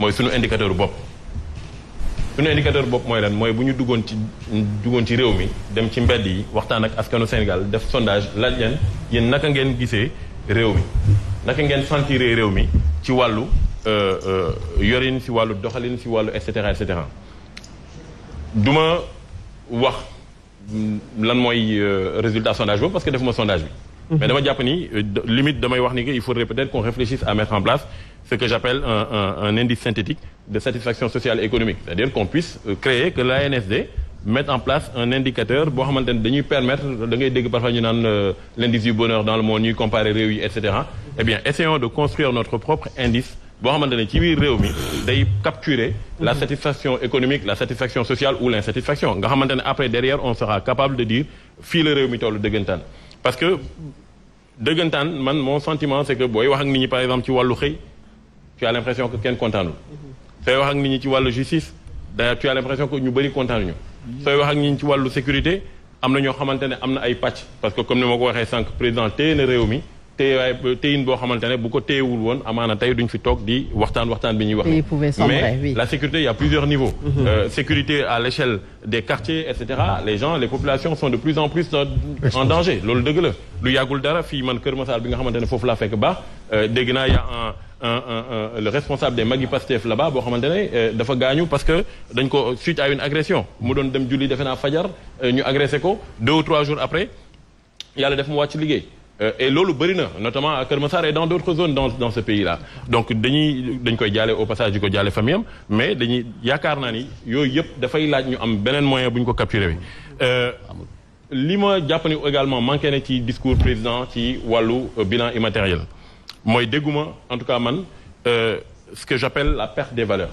mooy suñu indicateur bopp suñu indicateur bopp mooy lan mooy bu ñu duggoon ci duggoon ci réew mi dem ci mbedd yi waxtaan ak askanu Sénégal def sondage laaj leen yéen naka ngeen gisee réew mi naka ngeen santire réew mi ci wàllu euh, euh, yorin si wàllu doxalin si wàllu et cetera et wax mm, lan mooy euh, résultat sondage boobu parce que defuma sondage bi Mm-hmm. mais dama jàpp ni euh, limite damay wax ni que il faudrait peut-être qu'on réfléchisse à mettre en place ce que j'appelle un, indice synthétique de satisfaction sociale économique c'est-à-dire qu'on puisse euh, créer que l'ANSD mettre en place un indicateur boo xamante ne dañuy permettre da ngay dégg parfois ñu naan euh, l'indice du bonheur dans le monde ñuy comparer réew yi et eh essayons de construire notre propre indice boo xamante ne ci mi day capturer mm-hmm. la satisfaction économique la satisfaction sociale ou l'insatisfaction nga xamante ne après derrière on sera dëggantaan man moo sentiment c'est que booy wax ak nit ñi par exemple ci wàllu xëy tu as l'impression que kenn kontaanul mhm. sooy wax ak nit ñi ci wàllu justice d'ailleurs tu as l'impression que ñu bëri kontaanuñu mhm. sooy wax ak nit ñi ci wàllu sécurité am na ñoo xamante am na ay pàcc parce que comme ni ma ko waxee sànq président téye réew mi téyewaay téyin boo xamante ne bu ko téyewul woon amaana tey duñ fi toog di waxtaan waxtaan bi ñuy wax mais la sécurité il plusieurs niveaux mm-hmm. euh, sécurité à l'échelle des quartiers et cetera les gens les populations sont de plus en plus en danger loolu dëgg la lu yàggul dara fii man Kër Massar bi nga xamante ne foofu laa fekk baax euh, dégg naa ya Un, un, un, le responsable des Magui Pastef là-bas boo xamante ne euh, dafa gaañu parce que dañ ko suite à une agression mu doon dem julli defe naa fajar ñu agressé ko deux après yàlla def mu wàcc liggéey Euh, et loolu bëri na notamment à Kër Massar et dans d' autres zones dans dans ce pays là donc dañuy dañ koy jaale au passage di ko jaale famille am mais dañuy yaakaar naa ni yooyu yëpp dafay laaj ñu am beneen moyen bu ñu ko capturer wi euh, li ma jàpp ni également manqué na ci discours président ci wàllu euh, bilan immatériel mooy dégguma en tout cas man ce que j'appelle la perte des valeurs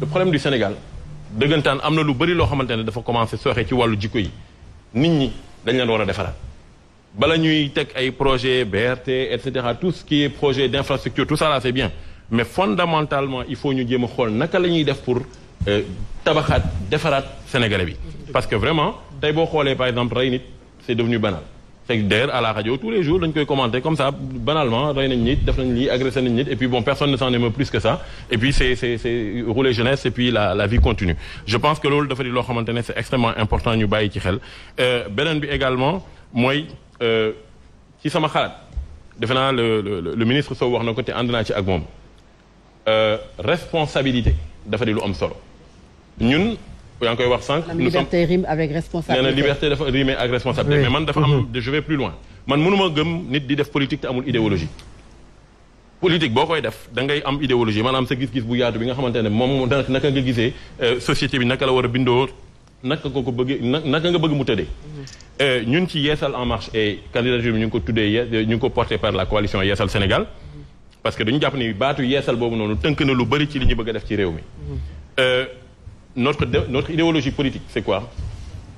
le problème du Sénégal dëggantaan am na lu bëri loo xamante ne dafa commencé sooxe ci wàllu jikko yi nit ñi dañ leen war a defaraat bala ñuy teg ay projet BRT et cetera tout ce qui est projet d'infrastructure tout ça là c'est bien mais fondamentalement il faut ñu jéem a xool naka la ñuy def pour euh, tabaxaat defaraat sénégalais bi parce que vraiment tey boo xoolee par exemple rey nit c'est devenu banal c'est d'ailleurs à la radio tous les jours dañ commenter comme ça banalement rey nañ nit def nañ lii agressé nañ nit et puis bon personne ne s'en émeut plus que ça et puis c'est rouler jeunesse euh, beneen bi également mooy Euh, ci sama xalaat defe naa le le ministre Sow wax na ko te ànd ci ak moom euh, responsabilité dafa di lu am solo ñun yaa koy wax sànq. liberté rime avec responsabilité nee na liberté dafa rime responsabilité. mais man dafa am mhm. je vais plus loin. man mënuma gëm nit di def politique te amul idéologie politique boo koy def da ngay am idéologie maanaam sa gis-gis bu yaatu bi nga xamante ne moom naka nga gisee euh, société bi naka la war a bindoo naka nga ko bëgg naka nga bëgg mu tëddee. Euh, ñun ci yeesal en marche et candidature bi ñu ngi ko tuddee euh, ñu ngi ko porté par la coalition yeesal Sénégal. parce que dañu jàpp ni baatu yeesal boobu noonu tënk na lu bëri ci li ñu bëgg a def ci réew mi. Euh, notre notre idéologie politique c'est quoi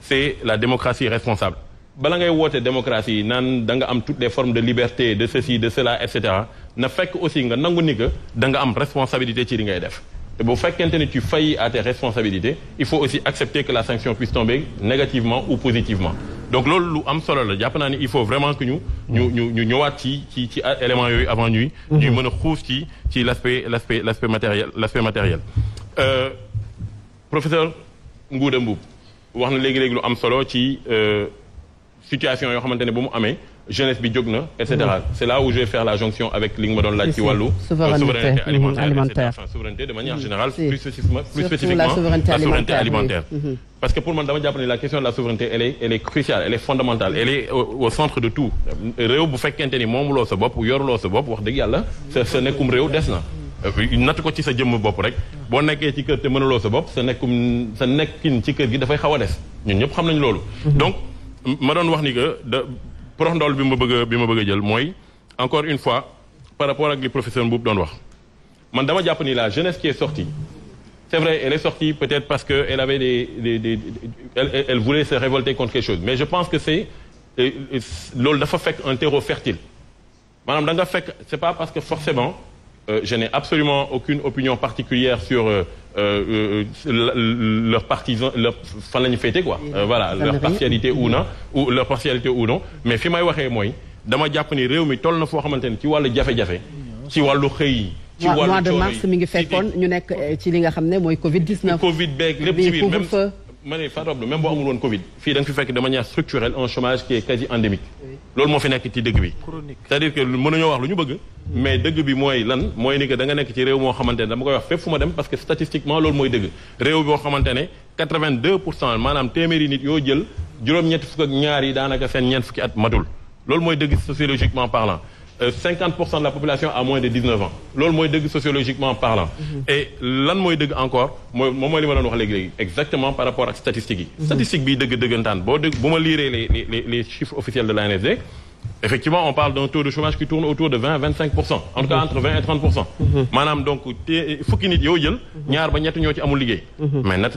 c'est la démocratie responsable. bala ngay woote démocratie nan da nga am toutes les formes de liberté de ceci de cela et na fekk aussi nga nangu ni que da am responsabilité ci li ngay def. te bu fekkente ni tu faillis à tes responsabilités il faut aussi accepter que la sanction puisse tomber négativement ou positivement donc loolu lu am solo la jàpp naa ne il faut vraiment que ñu. ñu ñu ñu ñëwaat ci ci ci éléments yooyu avant ñuy. ñuy mën a xuus ci ci l' aspect l' aspect matériel l' aspect matériel. Euh, professeur Ngouda Mboup wax na léegi léegi lu am solo ci euh, situation yoo xamante ne bu mu amee. jeunesse bi jóg na et cetera mm. là où je vais la jonction avec li ma doon laaj ci wàllu euh, souveraineté mm-hmm. alimentaire enfin souveraineté mm-hmm. plus spécifiquement la souveraineté alimentaire mm-hmm. parce que pour man dama jàpp ne la question de la souveraineté elle est elle est est fondamentale elle est au centre de tout réew bu fekkente ni moomuloo sa bopp yoruloo sa bopp wax dëgg yàlla sa nekkum réew des na euh, natt ko ci sa jëmm bopp rek boo nekkee ci kër te mënuloo prox ndool bi ma bëgg a bi ma bëgg a jël mooy encore une fois par rapport ak li professeur Mboup doon wax man dama jàpp ni la jeunesse qui est sortie c'est vrai elle est sortie peut-être parce que elle avait des des des elle, elle voulait se révolter contre quelque chose mais je pense que c'est euh, loolu dafa fekk un terreau fertile maanaam da nga fekk c'est pas parce que forcément euh, je n'ai absolument aucune opinion particulière sur euh, Euh, euh, leur partisan leur fan la ñu féete quoi. Euh, voilà leur partialité ou mm-hmm. non ou leur partialité ou non mais fi may waxee mooy dama jàpp ni réew mi toll na foo xamante ni ci wàllu jafe-jafe. ci wàllu xëy. ci wàllu mois de mars mi ngi fekkoon ñu nekk ci li nga xam ne mooy Covid 19. Covid beeg lépp ci biir même man ne Fatou Abdou même boo amul woon Covid fii da nga fi fekk de manière structurelle un chômage qui est quasi endémique loolu moo fi nekk ci dëgg bi cest que mën nañoo wax lu ñu bëgg mais dëgg bi mooy lan mooy ni que da nga nekk ci réew moo xamante dama koy wax fépp fu ma dem parce que statistiquement loolu mooy dëgg réew boo xamante maanaam téeméeri nit yoo jël juróom-ñetti fukk ak ñaar yi daanaka seen ñeent fukki at matul loolu mooy dëgg sociologiquement 50 euh, pour cent de la population a moins de 19 ans loolu mooy dëgg sociologiquement parlant. Mhm. et lan mooy dëgg encore moom mooy li ma wax léegi-léegi exactement par rapport ak statistiques yi. Mhm. statistique bi dëgg dëggantaan boo dëgg bu ma les chiffres officiels de l'ANSD effectivement on parle d'un taux de chômage qui tourne autour de 20 à 25 pour cent. entre 20 et 30 mhm. donc fukki nit yoo jël. ñaar ba ñett ñoo ci amul liggéey. mais natt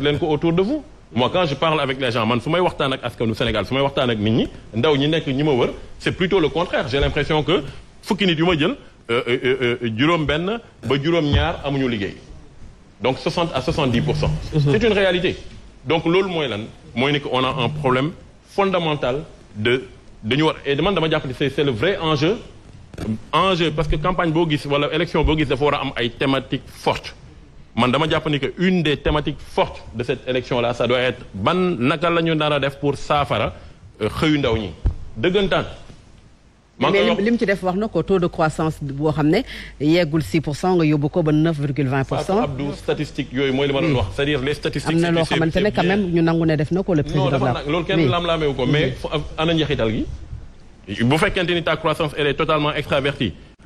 fukki nit yu ma jël euh, euh, euh, juróom benn ba juróom ñaar amuñu liggéey donc 60 à 70 pour cent mhm. c'est une réalité donc loolu mooy lan mooy ni que on a un problème fondamental de dañu war et man dama jàpp ne c'est le vrai enjeu enjeu parce que campagne boo gis wala élection boo gis dafa war a am ay thématiques fortes man dama jàpp ni que une des thématiques fortes de cette élection là ça doit être ban naka la ñu nar a def pour saafara xëyu ndaw ñi dëggantaan mais li mu ci def wax na ko taux de croissance boo xam ne yeggul 6 pour cent nga yóbbu ko ba 9 virgule 20 pour cent. Abdou statistique yooyu mooy li ma doon wax. cest dire les statistiques. am na loo nangu ne def na ko le président. non dafa kenn lam-lameewu ko mais ana njeexital gi. bu fekkente ni ta croissance elle est totalement extravertie.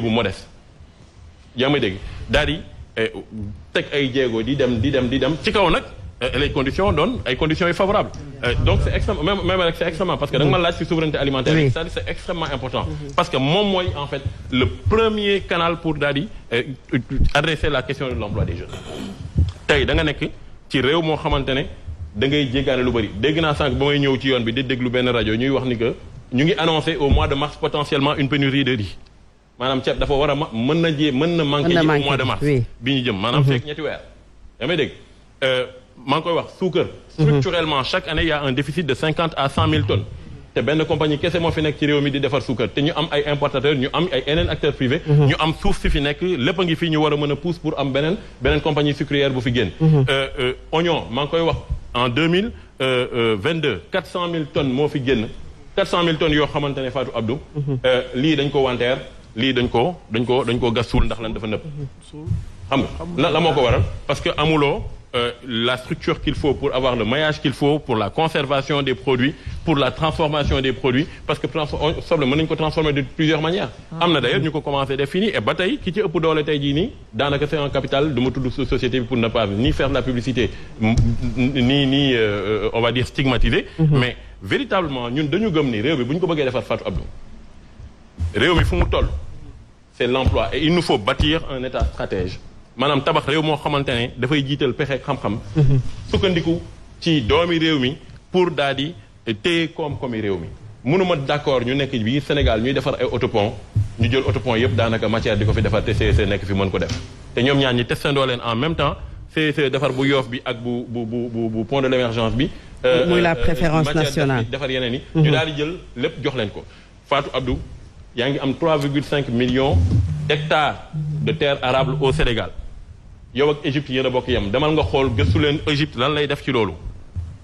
milieu bu modeste yaa may dégg daal di eh, teg ay jéego di dem di dem di dem ci kaw nag eh, les conditions doon ay conditions yu favorables eh, donc c'est extrêmement même même rek parce que da nga ma laaj ci souveraineté alimentaire cest à c'est extrêmement important parce que moom mooy en fait le premier canal pour daal di adresser la question de l'emploi des jeunes tey da nga nekk ci réew moo xamante ne da ngay jéggaane lu bëri dégg naa sànq ba may ñëw ci yoon bi di déglu benn rajo ñuy wax ni que ñu ngi annoncé mois de mars potentiellement une maanaam ceeb dafa war a mën na jee mën na manqué mois de mars bi ñu jëm maanaam mhm. fekk ñetti yaa may dégg euh, maa ngi koy wax suukar mhm. structurellement chaque année y a un déficit de cinquante à cent mille tonnes te benn compagnie kese moo fi nekk ci réew mi di defar suukar te ñu am ay importateurs ñu am ay yeneen acteurs privés mhm. ñu am suuf si fi nekk lépp ngi fii ñu war a mën a pousse pour am beneen beneen compagnie sucrière bu fi génn euh, euh, oignon maa ngi koy wax en deux mille vingt cent mille moo fi génn quatre cent mille tonnes yoo ne Fatou Abdou lii dañ koo dañ ko dañ koo gas suul ndax lan dafa nëpp xam nga la la moo ko waral parce que amuloo euh, la structure qu'il faut pour avoir le maillage qu'il faut pour la conservation des produits pour la transformation des produits parce que soble mën nañu ko transformer de plusieurs manières ah. am na d'ailleurs ñu ko commencé def fii et ba tey ki ci ëpp doole tey jii nii daanaka c'est un capital du ma tudd société pour ne pas ni faire de la publicité ni ni euh, euh, on va dire stigmatiser mm-hmm. mais véritablement ni réew bi bu ñu ko bëggee defar Fatou Abdou réew mi fu mu toll c'est l'emploi et il nous faut bâtir un état stratège maanaam tabax réew moo xamante ne dafay jiital pexe xam-xam sukkandiku ci doomi réew mi pour daal di téye koom i réew mi mënuma d'accord ñu nekk bii Sénégal ñuy defar ay autopont ñu jël autopont yëpp daanaka matière di ko fi defar te CEC e nekk fi mën ko def te ñoom ñaar ñi testandoo leen en même temps CEC e defar bu yoof bi ak bu bu bu bu pont de l'émergence bi euh, muy la euh, préférence nationale defar yeneen yi mhm. ñu daal di jël lépp jox leen ko Fatou Abdou yaa ngi am 3,5 millions d'hectares de terre arable au Sénégal yow ak Égypte yéen a bokk yem demal nga xool gëstu leen Égypte lan lay def ci loolu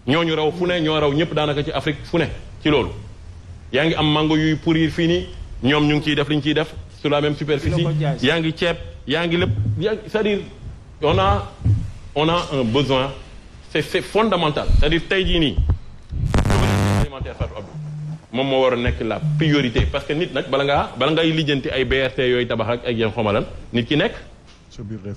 ñoo ñu raw fu ne ñoo raw ñëpp daanaka ci Afrique fu ne ci loolu yaa ngi am mango yuy pourrir fii nii ñoom ñu ngi ciy def li ñu ciy def sur la même superficie yaa ngi ceeb yaa ngi lépp c'est-à-dire on a on a un besoin c'est c'est fondamental c'est-à-dire tey jii nii souveraineté alimentaire Fatou Abdou moom moo war a nekk la priorité parce que nit nag bala ngaa bala ngay lijjanti ay BRT yooyu tabax ak ak yéen xomalan nit ki nekk. sa biir day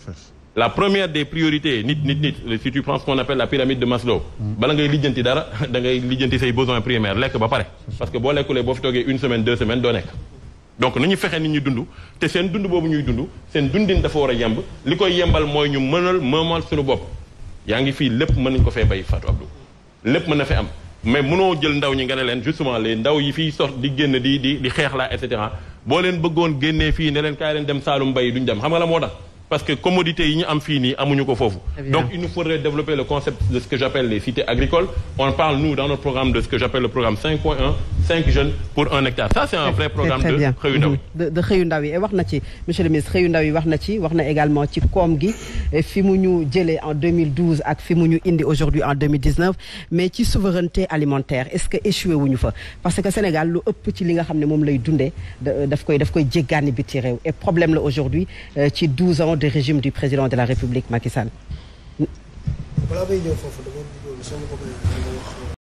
la première des priorité nit nit nit si tu penses qu'on appelle la pyramide de Maslow. bala ngay lijjanti dara da ngay lijjanti say besoins primaires lekk ba pare. parce que boo lekkulee boo fi toogee une semaine deux semaines doo nekk. donc nu ñu fexe nit ñi dund te seen dund boobu ñuy dund seen dundin dafa war a yemb li koy yembal mooy ñu mënal mëmal suñu bopp yaa ngi fii lépp mën nañu ko fee bay Fatou Abdou lépp mën na fi am. mais mënoo jël ndaw ñi nga ne leen justement les ndaw yi fiy sort di génn di di di xeex boo leen bëggoon génnee fii ne leen kaay leen dem Saalum mbay duñ dem xam nga la moo tax parce que commodité yi ñu am fii nii amuñu ko foofu donc il nous faudrait développer le concept de ce que j'appelle les cités agricoles on parle nous dans notre programme de ce que j'appelle le programme 5.1 cinq jeunes pour un mm-hmm. wax na ci monsieur le ministre xëyu ndaw yi wax na ci wax na également ci koom gi fi mu ñu jëlee en 2012 ak fi mu ñu indi aujourd'hui en 2019 mais ci souveraineté alimentaire est-ce que échoué wuñu fa parce que Sénégal lu ëpp ci li nga xam ne moom lay dundee daf koy daf koy jéggaani biti réew et problème la aujourd'hui euh, ci 12 ans de régime du président de la République Macky Sall